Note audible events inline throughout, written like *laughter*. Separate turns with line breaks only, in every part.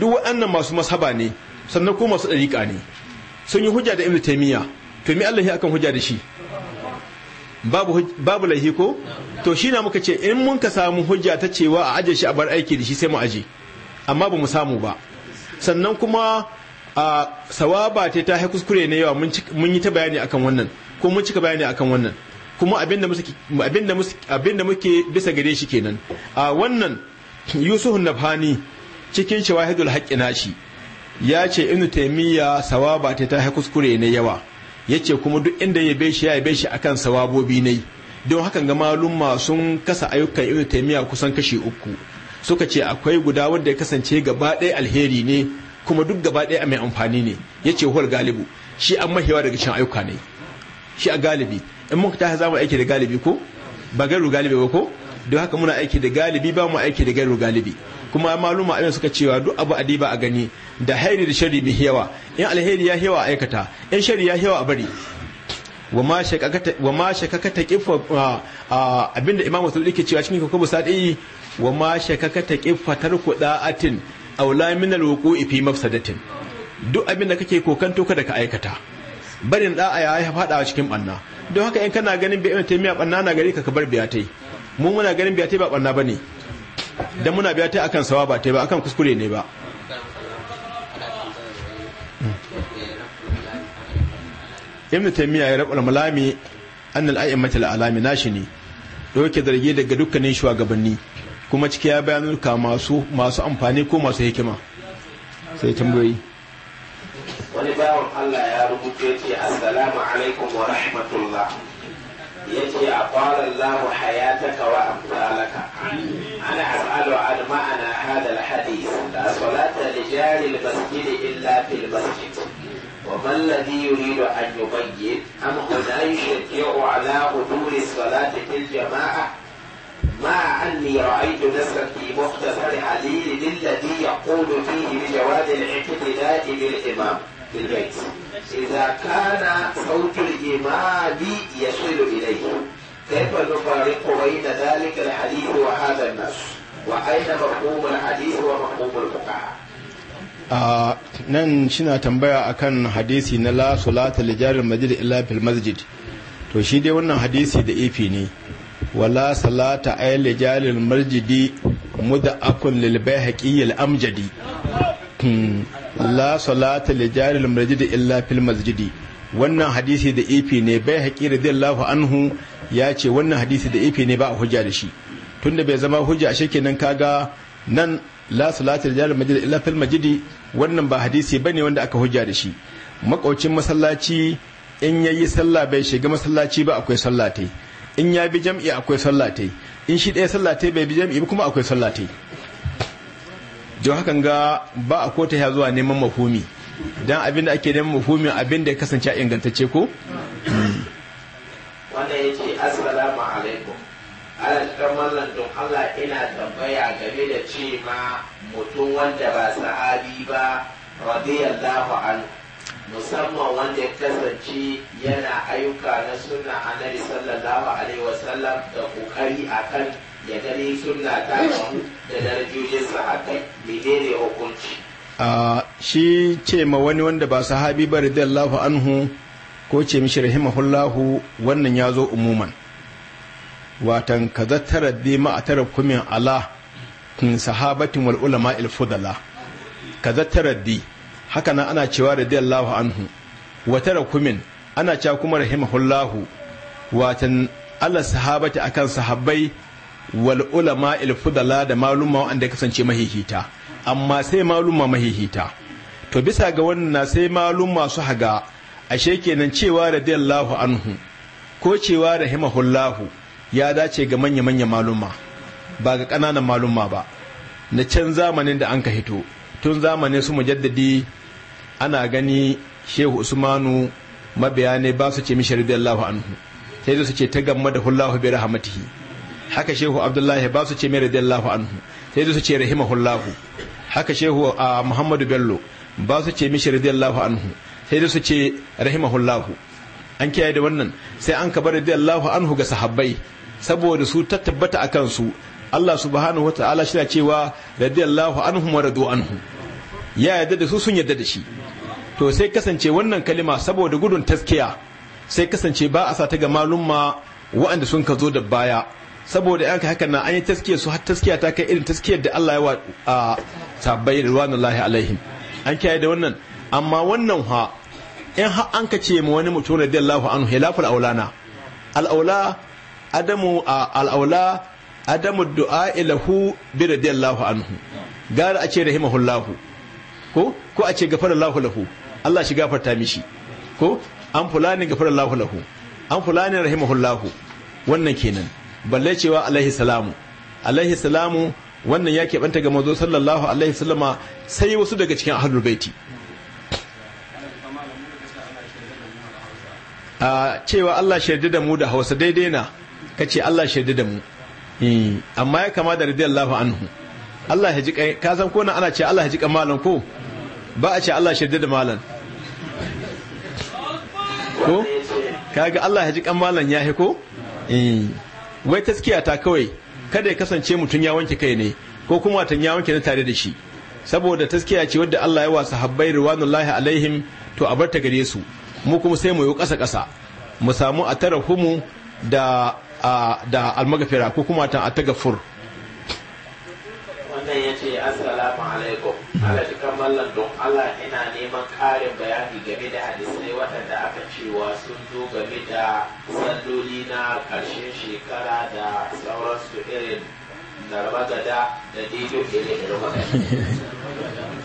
duk waɗannan masu masaba ne sannan ko masu ɗariƙa ne sun yi hujja da ibn taimiyya to Allah ya akan hujja da shi babu babu ko to shi na muka ce in mun ka samu hujja ta cewa a aje shi a bar aiki da shi sai mu aje amma ba mu samu ba sannan kuma a sawaba ta ta hai kuskure na yawa mun yi ta bayani akan wannan ko mun cika bayani akan wannan kuma muke abinda muke bisa gare shi kenan a wannan yusuf nafhani cikin shawahidul na nashi ya ce inu taimiyya sawaba ta ta kuskure na yawa ya ce kuma duk inda ya be shi ya be shi akan sawabobi ne don hakan ga malumma sun kasa ayyukan inu taimiyya kusan kashi uku suka ce akwai guda wanda ya kasance gaba ɗaya alheri ne kuma duk gaba ɗaya mai amfani ne ya ce huwar galibu shi an mahewa daga shan ayyuka ne shi a galibi in muka ta za mu aiki da galibi ko ba gairu galibi ba ko don haka muna aiki da galibi ba mu aiki da gairu galibi kuma maluma abin suka cewa duk abu adiba a gani da hairi da shari mai yawa in alheri ya yawa aikata in shari ya yawa a bari wa ma shakaka ta kifa abinda Imam sulli ke cewa cikin kuka busadi wa ma shakaka ta kifa tarku da'atin aula min alwuqu'i ifi mafsadatin duk abin da kake toka da ka aikata barin da'a ya faɗa cikin banna don haka in kana ganin bai ta miya banna na gari ka bar biyatai Mun muna ganin biyatai ba banna ne. da muna biya ta akan sawa ba ta ba akan kuskure ne ba ibn taymiya ya rabu malami an al'a'immatu al'alami nashi ne dauke zargi daga dukkanin shugabanni kuma ciki ya bayan ka masu masu amfani ko masu hikima sai tambayoyi
wani bawan Allah ya rubuta ce assalamu alaikum wa rahmatullah يتي أطال الله حياتك وأمثالك أنا أسأل عن معنى هذا الحديث لا صلاة لجار المسجد إلا في المسجد وما الذي يريد أن يبين أم هنا يشجع على حضور الصلاة في الجماعة ما أني رأيت نسخة في مختصر علي الذي يقول فيه بجواز الاعتداء بالإمام بالبيت إذا كان صوت الإمام يصل إليه كيف نفرق بين ذلك الحديث وهذا النص وأين مفهوم الحديث ومفهوم الفقهاء
a nan shina tambaya akan hadisi na la salata li jarin masjid illa masjid to shi dai wannan hadisi da ifi ne wala salata ay li jarin masjidi muda lil bayhaqi al amjadi la salata li jaril masjid illa fil masjid wannan hadisi da ifi e ne bai haƙi radiyallahu anhu ya ce wannan hadisi da ifi e ne ba a hujja da shi tunda bai zama hujja a nan kaga nan la salata li jaril masjid illa fil masjid wannan ba hadisi bane wanda aka hujja da shi makaucin masallaci in yayi sallah bai shiga masallaci ba akwai tai in ya bi jam'i akwai tai in shi ɗaya tai bai bi jam'i ba kuma akwai tai don hakan ga ba a kota ya zuwa neman mafumi don abinda ake neman mafumi abinda ya kasance a ingantacce ko
wanda ya ce assalamu alaikum ala cikin don allah ina tambaya game da ce ma mutum wanda ba sahabi ba radiyallahu anhu musamman wanda ya kasance yana ayyuka na sunna annabi sallallahu alaihi wasallam da kokari akan ya gani sunna ta da darajojin sahabbai menene
hukunci a shi ce ma wani wanda ba sahabi ba radiyallahu anhu ko ce mishi rahimahullahu wannan ya zo umuman watan ka zattara bi ma a tara kumin ala sahabatin wal ulama il fudala ka zattara bi haka nan ana cewa radiyallahu anhu wa tara kumin ana cewa kuma rahimahullahu watan Allah sahabata akan sahabbai wal ulama il fudala da maluma wanda kasance mahihita amma sai maluma mahihita to bisa ga wannan sai maluma su haga ashe kenan cewa radiyallahu anhu ko cewa rahimahullahu ya dace ga manya-manya maluma ba ga ƙananan maluma ba na can zamanin da an ka hito tun zamanin su mujaddadi ana gani shehu usmanu mabiya ne ba su ce mishi radiyallahu anhu sai su ce ta gamma da hullahu bi rahmatihi haka shehu abdullahi ba su ce mai radiyallahu anhu sai su ce rahimahullahu haka shehu a muhammadu bello ba su ce mishi radiyallahu anhu sai su ce rahimahullahu an kiyaye da wannan sai an kaba radiyallahu anhu ga sahabbai saboda su ta tabbata a kansu Allah subhanahu wata'ala shi cewa radiyallahu anhu wa radu anhu ya yarda da su sun yarda da shi to sai kasance wannan kalima saboda gudun taskiya sai kasance ba a sa ta ga malumma waɗanda sun ka zo da baya saboda yanka haka na an yi taskiyar su har taskiya ta kai irin taskiyar da Allah ya wa a sabbai ruwanullahi alaihim an kiyaye da wannan amma wannan ha in har an ka ce mu wani mutum Allahu anhu hilaful aulana al'aula adamu al'aula adamu du'a ilahu bi radiyallahu anhu gara a ce rahimahullahu ko ko a ce gafarallahu lahu Allah shi gafarta mishi ko an fulani gafarallahu lahu an fulani rahimahullahu wannan kenan balle cewa alaihi salamu alaihi salamu wannan ya keɓanta ga mazo sallallahu alaihi salama sai wasu daga cikin ahlul baiti a cewa Allah shaidu da mu da hausa daidai na ka ce Allah shaidu da mu eh, amma ya kama da radiyallahu anhu Allah ya ji kai ka san ko ana ce Allah ya ji kamalan ko ba a ce Allah shaidu da malan ko kaga Allah ya ji kamalan ya yahi ko eh wai taskiya ta kawai kada ya kasance mutum ya wanke kai ne ko kuma watan ya wanke na tare da shi saboda taskiya ce wadda Allah ya wa habbai riwanullahi alaihim to a barta gare su mu kuma sai mu yi kasa ƙasa mu samu a tara humu da da almagafira ko kuma ta a tagafur
wannan yace assalamu Allah shi kan don Allah ina neman karin bayani game da hadisai waɗanda aka cewa sun zo game da salloli na ƙarshen shekara da sauransu irin gada da dido irin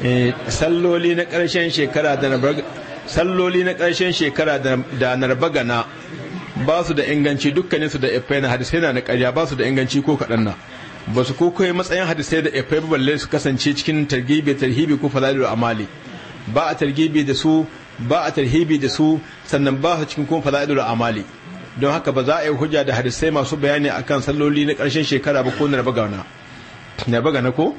eh, salloli na ƙarshen shekara da salloli na ƙarshen shekara da narbagana ba su da inganci dukkaninsu da na hadisai na na ƙarya ba su da inganci ko kaɗan na ba su yi matsayin hadisai da efe balle su kasance cikin targibe tarhibi ko a amali ba a targibe da su ba a tarhibi da su sannan ba su cikin kuma a amali don haka ba za a yi hujja da hadisai masu bayani akan salloli na ƙarshen shekara ba ko na raba gauna na gana ko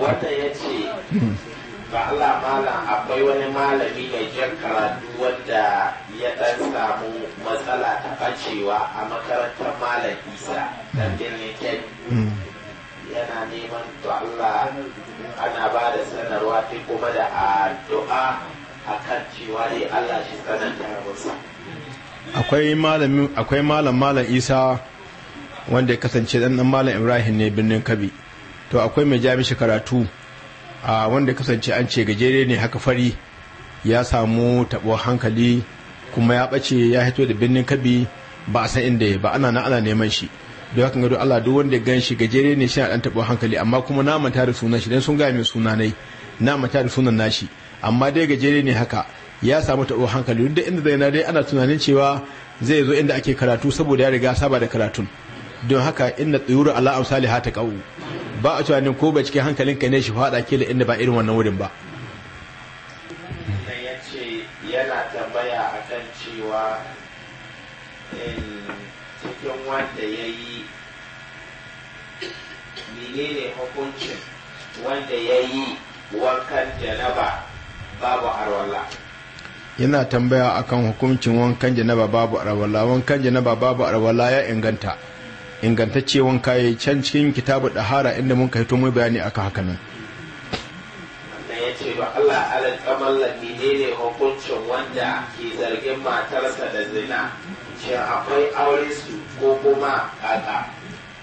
wanda ya ce hmm. ba Allah malam akwai wani malami
mai jan karatu wadda ya dan samu matsala ta bacewa a makarantar malam isa dan birnin mm. yana neman to Allah ana ba da sanarwa ta kuma da addu'a a kan cewa dai Allah shi tsananta rabonsa
akwai malamin akwai malam malam isa wanda ya kasance dan malam ibrahim ne birnin kabi to akwai mai shi karatu a wanda kasance an ce gajere ne haka fari ya samu taɓuwar hankali kuma ya bace ya hito da birnin kabi ba a san inda ya ba ana na ana neman shi don haka gado Allah duk wanda gan shi gajere ne shi na dan tabo hankali amma kuma na manta da sunan shi dan sun gaya min suna nai na manta da sunan nashi amma dai gajere ne haka ya samu taɓuwar hankali duk inda zai na dai ana tunanin cewa zai zo inda ake karatu saboda ya riga saba da karatun don haka inna tsayuru ala amsali ha ta ba a tunanin ko ba cikin hankalinka ne shi faɗa da inda ba irin wannan wurin ba yana tambaya a kan cewa
cikin wanda ya yi menene hukuncin wanda ya yi wankan janaba babu arwala
yana tambaya akan hukuncin wankan janaba babu arwala wankan janaba babu arwala ya inganta ingantacce wanka ya can cikin kitabu hara inda mun kai mai bayani aka haka nan
ya ce ba Allah alƙamar lamine ne hukuncin wanda ke zargin matarsa da zina shi akwai aure su ko kuma kaka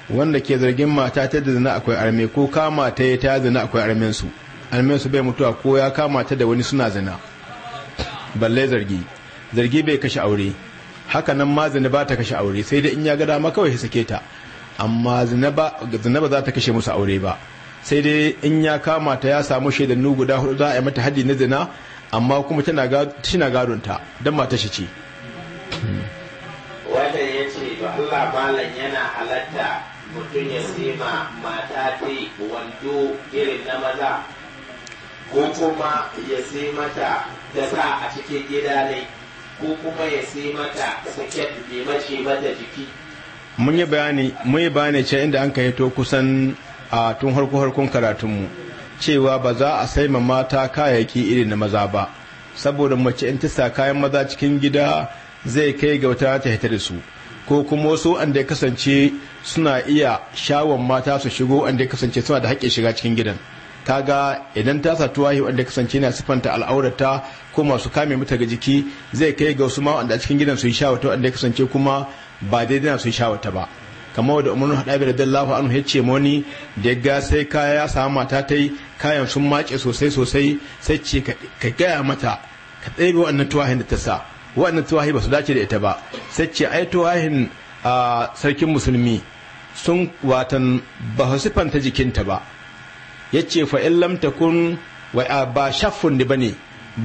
wanda ke zargin mata ta da zina akwai arme ko kama ta ta zina akwai armen su armen su bai mutuwa ko ya kama ta da wani suna zina balle zargi zargi bai kashe aure haka nan ma zinaba ta kashe aure sai dai in ya ga dama kawai sake ta amma zinaba za ta kashe musu aure ba sai dai in ya kama ta ya samu shaidannu guda hudu za a yi mata haji na zina amma kuma tana garunta don mata shi ce hmm.
Wata ya ce ba Allah malam yana halatta mutum ya sima mata ta wando irin na maza ko kuma ya sima mata da sa a cikin gida ne ko kuma ya sai mata saket da mace mata jiki
mun yi bayani mun yi bayani ce inda an kai to kusan a tun harko harkon karatun mu cewa ba za a sai ma mata kayayyaki irin na maza ba saboda mace in ta sa kayan maza cikin gida zai kai ga wata ta hita da su ko kuma wasu wanda ya kasance suna iya shawon mata su shigo wanda ya kasance suna da haƙƙin shiga cikin gidan ga idan ta sa tuwahi wanda kasance na sifanta al'aurata ko masu kame mata ga jiki zai kai ga wasu ma wanda a cikin gidan su yi shawata wanda kasance kuma ba daidai na su yi shawata ba kamar da umarnin haɗa radiyallahu anhu ya ce moni da ya ga sai kaya ya samu mata ta yi kayan sun mace sosai sosai sai ce ka gaya mata ka ɗebe wannan tuwahin da ta sa wannan tuwahi ba su dace da ita ba sai ce ai tuwahin a ah, sarkin musulmi sun watan ba su siffanta jikinta ba yace fa in lam takun ba shaffun ne bane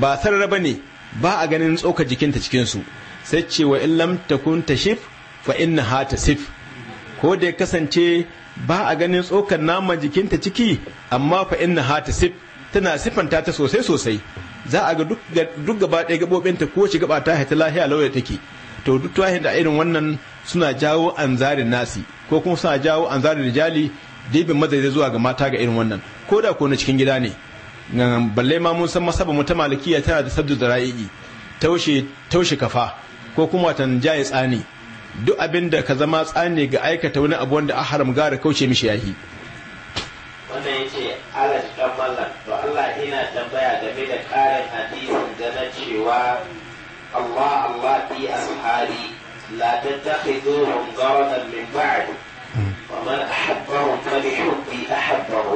ba sarra bane ba a ganin tsoka jikinta cikin su sai ce wa in lam takun shif fa in ta sif ko da ya kasance ba a ganin tsokar naman jikinta ciki amma fa in ta sif tana sifanta ta sosai sosai za a ga duk gaba ɗaya gaɓoɓinta ko shiga gaba ta haita lahiya lauya take to duk tuwahin da irin wannan suna jawo anzarin nasi ko kuma suna jawo anzarin rijali dibin zai zuwa ga mata ga irin wannan ko da ko na cikin gida ne balle ma mun san masaba mu ta malikiya tana da sabdu dara'i taushe taushe kafa ko kuma tan jaye tsani duk abin da ka zama tsani ga aikata wani abu wanda a haram gara kauce mishi yahi
wannan yace Allah dan mallan to Allah ina tambaya game da karin hadisin da na cewa Allah Allah fi ashabi la tattakhidhu gharadan min ba'di ومن أحبه فلحبي أحبه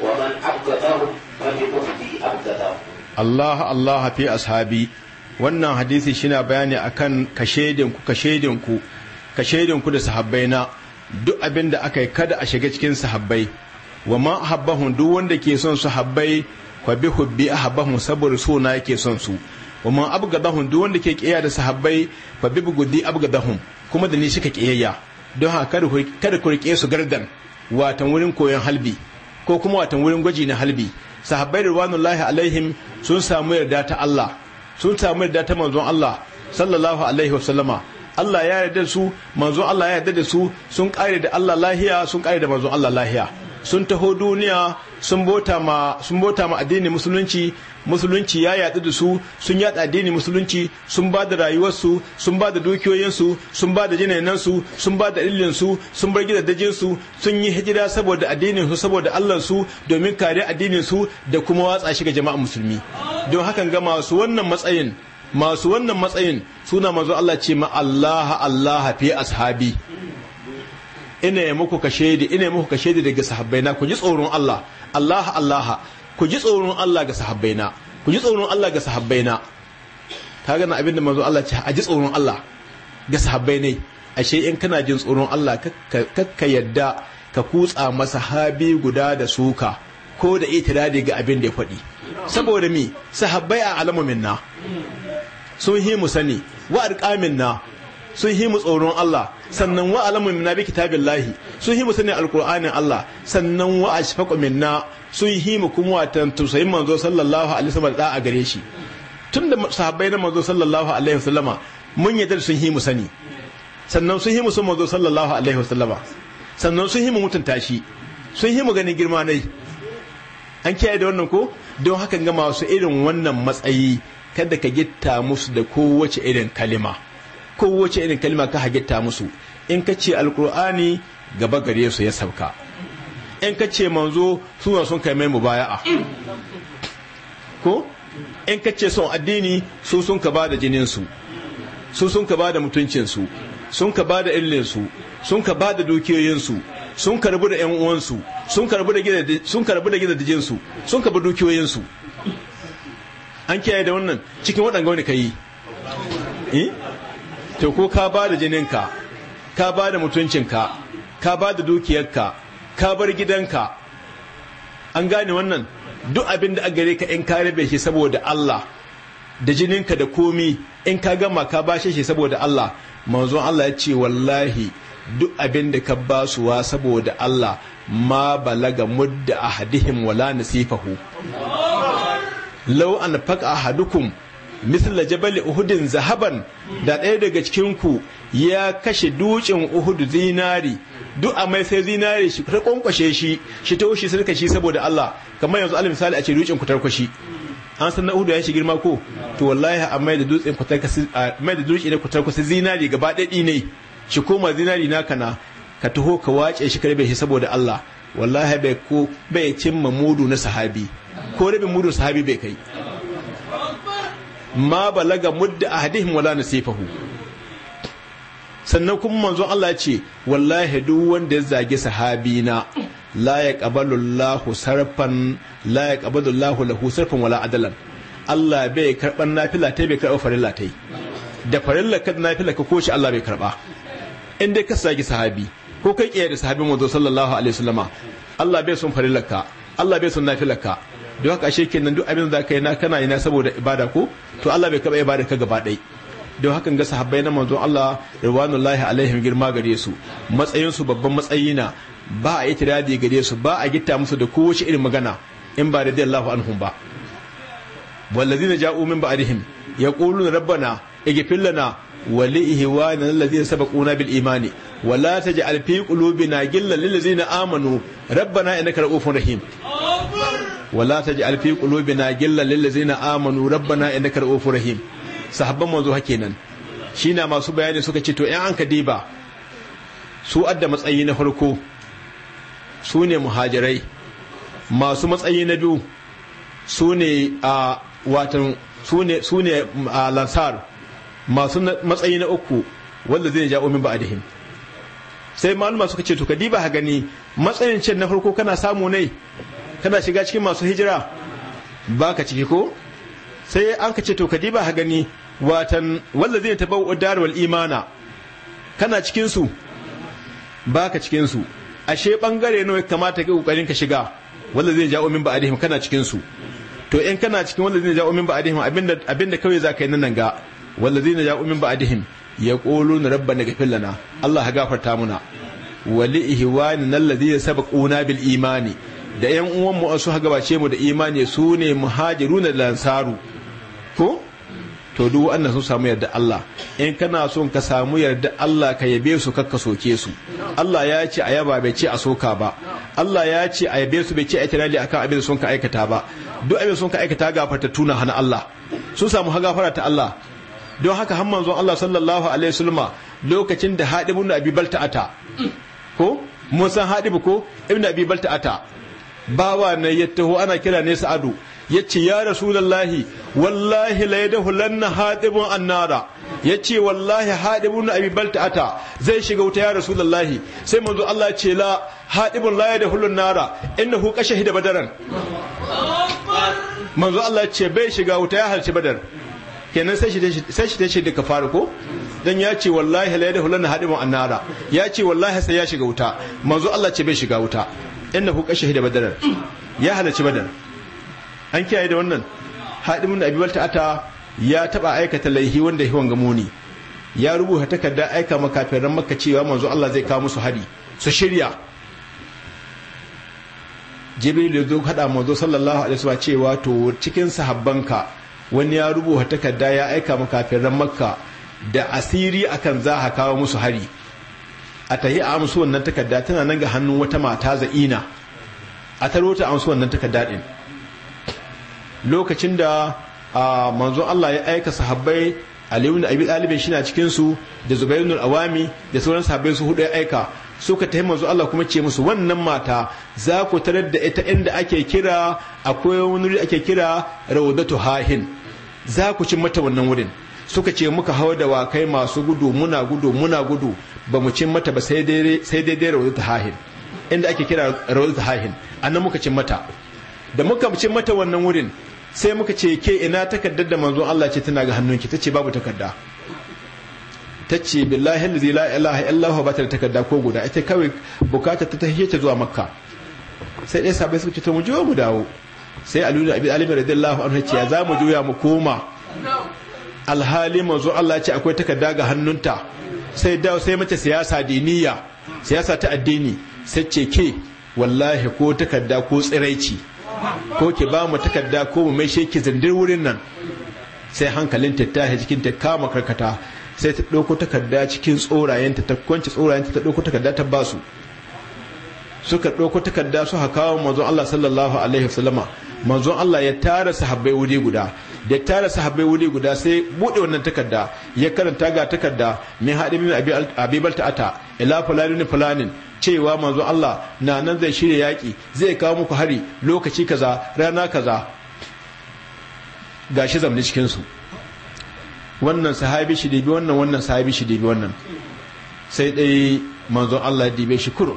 ومن أبغضه فلبغضي أبغضه
الله الله في أصحابي wannan hadisi shina bayani akan kashedinku kashedinku kashedinku da sahabbaina duk abin da aka yi kada a shiga cikin sahabbai wa ma ahabbahum duk wanda ke son sahabbai fa bi hubbi ahabbahum saboda so na yake son su wa ma abgadahum duk wanda ke kiyaye da sahabbai fa bi bugudi abgadahum kuma da ni shi ka kiyayya don haka kada ku rike su gardan watan wurin koyon halbi ko kuma watan wurin gwaji na halbi sahabbai ridwanullahi alaihim sun samu yarda ta Allah sun samu yarda ta manzon Allah sallallahu alaihi wasallama Allah ya yarda su manzon Allah ya yarda da su sun kare da Allah lahiya sun kare da manzon Allah lahiya sun taho duniya sun bota ma addinin musulunci musulunci ya yadu da su sun yada addinin musulunci sun ba da rayuwarsu sun ba da dukiyoyinsu sun ba da jinainansu sun ba da illinsu sun bar gidajensu sun yi hijira saboda addinin su saboda Allah su domin kare addinin su da kuma watsa shi ga jama'a musulmi don hakan ga masu wannan matsayin masu wannan matsayin suna manzo Allah ce ma Allah Allah fi ashabi ina yi muku da ina yi muku da daga sahabbaina ku ji tsoron Allah Allah Allah ku ji tsoron Allah ga sahabbaina ku ji tsoron Allah ga sahabbaina Ka na abin da manzo Allah ce a ji tsoron Allah ga sahabbainai ashe in kana jin tsoron Allah kakka yadda ka kutsa masa habi guda da suka ko da itiradi ga abin da ya faɗi saboda mi sahabbai a alamu minna sun hi mu sani wa arqamin na sun himu tsoron Allah sannan wa alamu na bi kitabillahi sun himu sani alqur'anin Allah sannan wa ashfaqu minna sun himu kuma watan tusayin manzo sallallahu alaihi wasallam da a gare shi tunda sahabbai na manzo sallallahu alaihi wasallama mun yadda sun himu sani sannan sun himu sun manzo sallallahu alaihi wasallama sannan sun himu mutunta shi sun himu ganin girma nai an kiyaye da wannan ko don hakan ga masu irin wannan matsayi kada ka gitta musu da kowace irin kalima kowace irin kalma ka hagitta musu in ka ce alkur'ani gaba gare su ya sauka in ka ce manzo suna sun kai mai mubaya'a ko in ka ce son addini su sun ka ba da jininsu su sun ka ba da mutuncinsu sun ka ba da illinsu sun ka ba da dukiyoyinsu sun karbu da yan uwansu sun karbu da gidajensu sun karbu dukiyoyinsu an kiyaye da wannan cikin waɗanda wani ka yi eh? to ko ka ba da jininka ka ba da mutuncinka ka ba da dukiyarka ka bar gidanka an gane wannan duk abin da gare ka in ka rabe shi saboda Allah da jininka da komi in ka gama ka ba shi saboda Allah manzon Allah ya ce wallahi duk abin da ka basuwa saboda Allah ma balaga mudda ahadihim wala nasifahu law an faqa ahadukum da jabal uhudin zahaban da ɗaya daga cikinku ya kashe dukin uhudu zinari duk a mai sai zinari shi ta kwankwashe shi shi ta wuce sarka shi saboda Allah kamar yanzu alim misali a ce dukin ku tarkwashi an san na uhudu ya shi girma ko to wallahi a mai da dutsen ku tarkwasi a mai da ku zinari gaba ɗaɗi ne shi koma zinari na kana, ka taho ka wace shi karbe shi saboda Allah wallahi bai ko bai cimma mudu na sahabi ko rabin mudu sahabi bai kai ma balaga mudda ahadihim wala nasifahu sannan kuma manzon Allah ce wallahi duk wanda ya zage na la ya qabalu Allahu sarfan la ya qabalu Allahu lahu sarfan wala adalan Allah bai karban nafila tai bai karba farilla tai da farilla ka nafila ka koshi Allah bai karba in dai ka zage sahabi ko kai kiyaye da sahabin manzo sallallahu alaihi wasallama Allah bai son farillarka Allah bai son nafilarka don haka ashe kenan duk abin da zaka yi na kana yi na saboda ibada ko to Allah bai kaba ibada ka gaba dai don hakan ga sahabbai na manzon Allah rawanullahi alaihim girma gare su matsayin su babban matsayi na ba a itiradi gare su ba a gitta musu da kowace irin magana in ba da radiyallahu anhum ba rabbana ighfir lana wa li ربنا alladhina sabaquna bil imani wa la taj'al fi qulubina ghillan lil للذين amanu rabbana innaka رؤوف rahim. wala taj'al na gilla lalle zai na amanu rabbana innaka ra'ufur rahim sahabban manzo hake nan Shi na masu bayani suka ce to yan an diba su adda matsayi na farko su ne muhajirai masu matsayi na biyu su ne a watan su ne a lansar masu matsayi na uku wanda zai ja'o min ba'adihim sai maluma suka ce to ka diba ha gani matsayin can na farko kana samu ne kana shiga cikin masu hijira ba ka ciki ko sai an ka ce to kadi ba ha gani watan wanda zai tabau dar wal imana kana cikin su ba ka cikin su ashe bangare nawa kamata ka kokarin ka shiga Wanda zai ja'o min ba'dihim kana cikin su to in kana cikin wanda zai ja'o min ba'dihim abinda abinda kawai za ka yi nan ga wallazi ne ja'o min ba'dihim yaquluna rabbana ghfir lana Allah ya gafarta muna wa li ihwani alladhi sabaquna bil imani da yan mu su gabace mu da imani su ne Muhajiru da lansaru ko to duk wannan sun samu yarda Allah in kana son ka samu yarda Allah ka yabe su kakka soke su Allah ya ce a yaba bai ce a soka ba Allah ya ce a yabe su bai ce a tunani akan abin sun ka aikata ba duk abin sun ka aikata gafarta tuna hana Allah sun samu gafara ta Allah don haka har manzon Allah sallallahu alaihi wasallam lokacin da Hadib ibn Abi Balta'ata ko mun san Hadibu ko ibn Abi Balta'ata bawa na ya taho ana kira ne sa'adu ya ce ya rasulallahi wallahi la yadahu lanna hadibun annara ya ce wallahi hadibun na abi balta'ata zai shiga wuta ya rasulallahi sai manzo Allah ce la hadibun la hulun nara innahu qashahida badaran manzo Allah ce bai shiga wuta ya halci badar kenan sai shi ta shi daga faru ko dan ya ce wallahi la yadahu lanna hadibun annara ya ce wallahi sai ya shiga wuta manzo Allah ce bai shiga wuta innahu qashahida badar ya halarci badar an kiyaye da wannan hadimun abi balta ta'ata ya taba aikata laihi wanda wanga muni ya rubuta takarda aika makafiran makka cewa manzo Allah zai kawo musu hari su shirya jibril ya zo hada manzo sallallahu alaihi wasallam cewa to cikin sahabbanka wani ya rubuta takarda ya aika makafiran makka da asiri akan za ka kawo musu hari a tahi a amsu wannan takarda tana nan ga hannun wata mata za'ina a taro ta amsu wannan takarda din lokacin da manzon Allah ya aika sahabbai Ali da Abi Talib shi na cikin su da Zubair Awami da sauran sahabbai su hudu ya aika suka tahi manzon Allah kuma ce musu wannan mata za ku tarar da ita inda ake kira akwai wani ake kira Rawdatu Hahin za ku ci mata wannan wurin suka ce muka hau da wakai masu gudu muna gudu muna gudu ba mu cin mata ba sai daidai rawar ta hahin inda ake kira rawar ta hahin annan muka cin mata da muka cin mata wannan wurin sai muka ce ke ina takardar da manzon Allah ce tana ga hannunki ta ce babu takarda ta ce billahi allazi la ilaha illahu ba ta da takarda ko guda ita kawai bukata ta tahiye ta zuwa makka sai dai sabai suka ce to mu juya mu dawo sai aluna abi alim radiyallahu anhu ce ya za mu juya mu koma alhali manzon Allah ce akwai takarda ga hannunta sai dawo sai mace siyasa diniya siyasa ta addini sai ce ke wallahi ko takarda ko tsiraici ko ki ba mu takarda ko mu maishe ki zindir wurin nan sai hankalin ta tashi cikin ta kama karkata sai ta dauko takarda cikin tsorayenta ta kwanci tsorayenta ta dauko takarda ta basu suka dauko takarda su haka manzon Allah sallallahu alaihi wasallama manzon Allah ya tara sahabbai wuri guda da tara sahabbai wuri guda sai bude wannan takarda ya karanta ga takarda min hadimi abi balta ata ila ne fulani, cewa manzo Allah na nan zai shirya yaki zai kawo muku hari lokaci kaza rana kaza gashi zamni cikin su wannan sahabi shi dibi wannan wannan sahabi shi dibi wannan sai dai manzo Allah ya dibe shi kuro,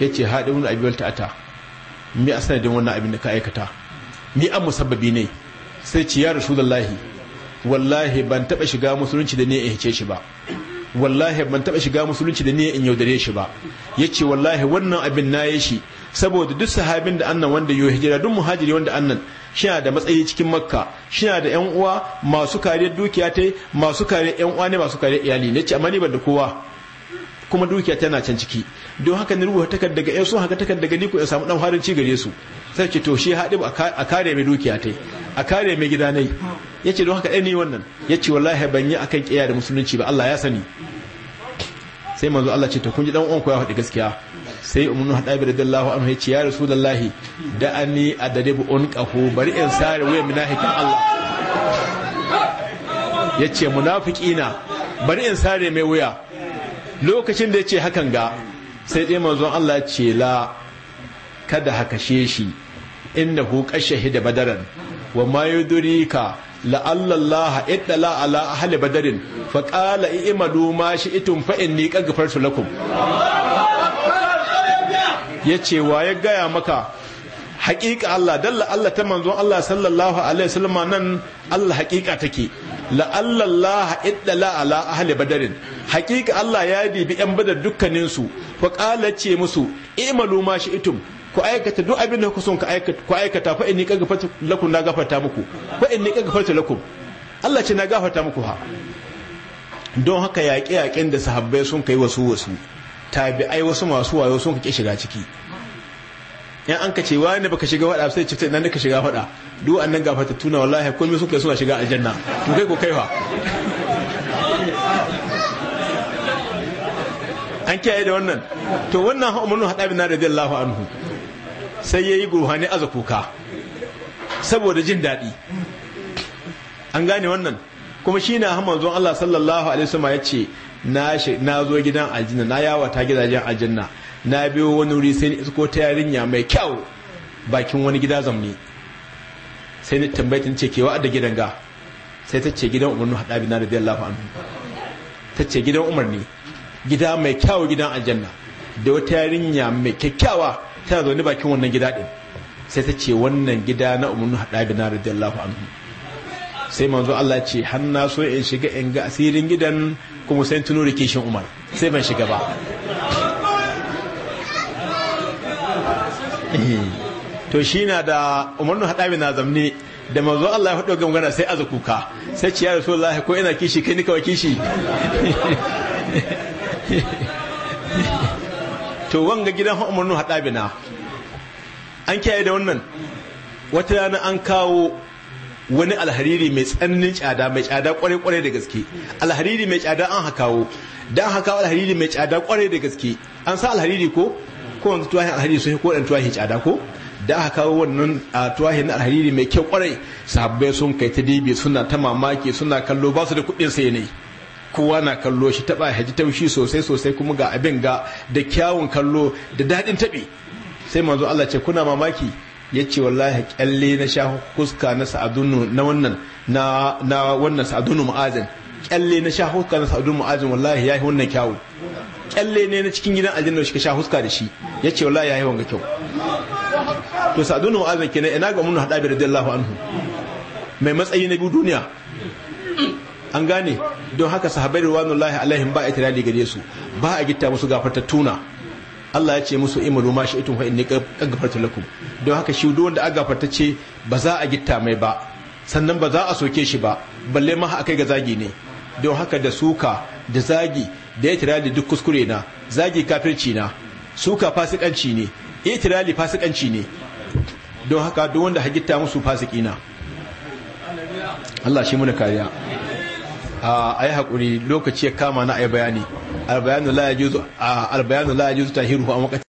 yace hadimin abi balta ata me asanadin wannan abin da ka aikata ni an musabbabi ne sai ci ya rasulullahi wallahi ban taba shiga musulunci da ne ya hice shi ba wallahi ban taba shiga musulunci da ne in yaudare shi ba yace wallahi wannan abin na yi shi saboda duk sahabin da annan wanda yo hijira duk muhajiri wanda annan na da matsayi cikin makka na da yan uwa masu kariyar dukiya tai masu kariyar yan uwa ne masu kariyar iyali ne ce amma ni ban da kowa kuma dukiya tana can ciki don haka ni rubuta takar daga yan sun haka takar daga ni ku in samu dan harin ci gare su sai ce to shi haɗi a kare mai dukiya tai a kare mai gida nai ya ce don haka ɗani wannan ya ce wallahi ban yi akan ƙiya da musulunci ba Allah ya sani sai manzo Allah ce ta kun ji dan uwan ku ya faɗi gaskiya sai ummu hadabi radiyallahu anhu ya ce ya rasulullahi da ani adadibu unqahu bari in sare waya munafiqin Allah ya ce munafiqina bari in sare mai wuya lokacin da ya ce hakan ga sai dai manzon Allah ce la kada haka she shi innahu qashahida badaran wa ma yudrika la'alla Allah ittala ala ahli badarin fa qala i'madu ma shi'tum fa inni qad ghafartu lakum yace wa ya gaya maka haƙiƙa Allah dalla Allah ta manzon Allah sallallahu alaihi wasallam nan Allah haƙiƙa take la'alla Allah ittala ala ahli badarin haƙiƙa Allah ya dibi yan badar dukkanin su fa qala ce musu i'malu ma shi'tum ku aikata duk abin da kuka son ku aikata fa inni gafarta lakum na gafarta muku fa inni gafarta lakum Allah ce na gafarta muku ha don haka yaƙe yaƙen da sahabbai sun kai wasu wasu tabi'ai wasu masu wayo sun kake shiga ciki yan an kace ce wani baka shiga faɗa sai ce nan ka shiga faɗa duk annan gafarta tuna wallahi komai sun kai suna shiga aljanna to kai ko kai fa an kiyaye da wannan to wannan umarnin haɗa bin na radiyallahu anhu sai ya yi gohani aza kuka saboda jin daɗi an gane wannan kuma shi na hamanzon Allah sallallahu alaihi wasallam ya ce na zo gidan aljanna na yawata gidajen aljanna na biyo wani wuri sai ni isko ta yarinya mai kyau bakin wani gida zamni sai ni tambayta ce ke wa'ada gidan ga sai ta ce gidan umarni haɗa na da biyallahu anhu ta ce gidan umarni gida mai kyau gidan aljanna da wata yarinya mai kyakkyawa tana zaune bakin wannan gida din sai ta ce wannan gida na umarnu haɗa na radiyallahu anhu sai manzo Allah ce hanna so in shiga in ga asirin gidan kuma sai tuno da kishin Umar sai ban shiga ba *laughs* to shi na da umarnu haɗa na zamne da manzo Allah ya faɗo ga magana sai aza kuka sai ce ya rasulullahi ko ina kishi kai ni kawai kishi *laughs* to wanga gidan umarnu haɗabi na an kiyaye da wannan wata rana an kawo wani alhariri mai tsananin tsada mai tsada kwarai kwarai da gaske alhariri mai tsada an hakawo da an hakawo alhariri mai tsada kwarai da gaske an sa alhariri ko ko wanzu tuwahin alhariri sun ko tuwahin tsada ko da aka kawo wannan tuwahin alhariri mai kyau kwarai sahabbai sun kai ta dibi suna ta mamaki suna kallo ba su da kuɗin sai ne kowa na kallo shi taba haji taushi sosai sosai kuma ga abin ga da kyawun kallo da daɗin taɓi sai manzo Allah ce kuna mamaki ya ce wallahi kyalle na sha huska na sa'adunu na wannan na na wannan sa'adunu mu'azin kyalle na sha huska na sa'adunu mu'azin wallahi yayi wannan kyawu kyalle ne na cikin gidan aljanna shi ka sha huska da shi ya ce wallahi yayi wanga kyau to sa'adunu mu'azin kenan ina ga mun hada bi radiyallahu anhu mai matsayi na biyu duniya an gane don haka sahabbai ruwanullahi alaihim ba itirali gare su ba a gitta musu tuna. Allah ya ce musu imalu ma shi itun fa kan gafarta lakum don haka shi duk wanda aka gafarta ce ba za a gitta mai ba sannan ba za a soke shi ba balle ma akai ga zagi ne don haka da suka da zagi da itirali duk kuskure na zagi kafirci na suka fasikanci ne itirali fasikanci ne don haka duk wanda gitta musu fasikina Allah shi muna kariya a yi haƙuri lokaci ya kama na a yi bayani albayanu la ya juzu tahiru a makata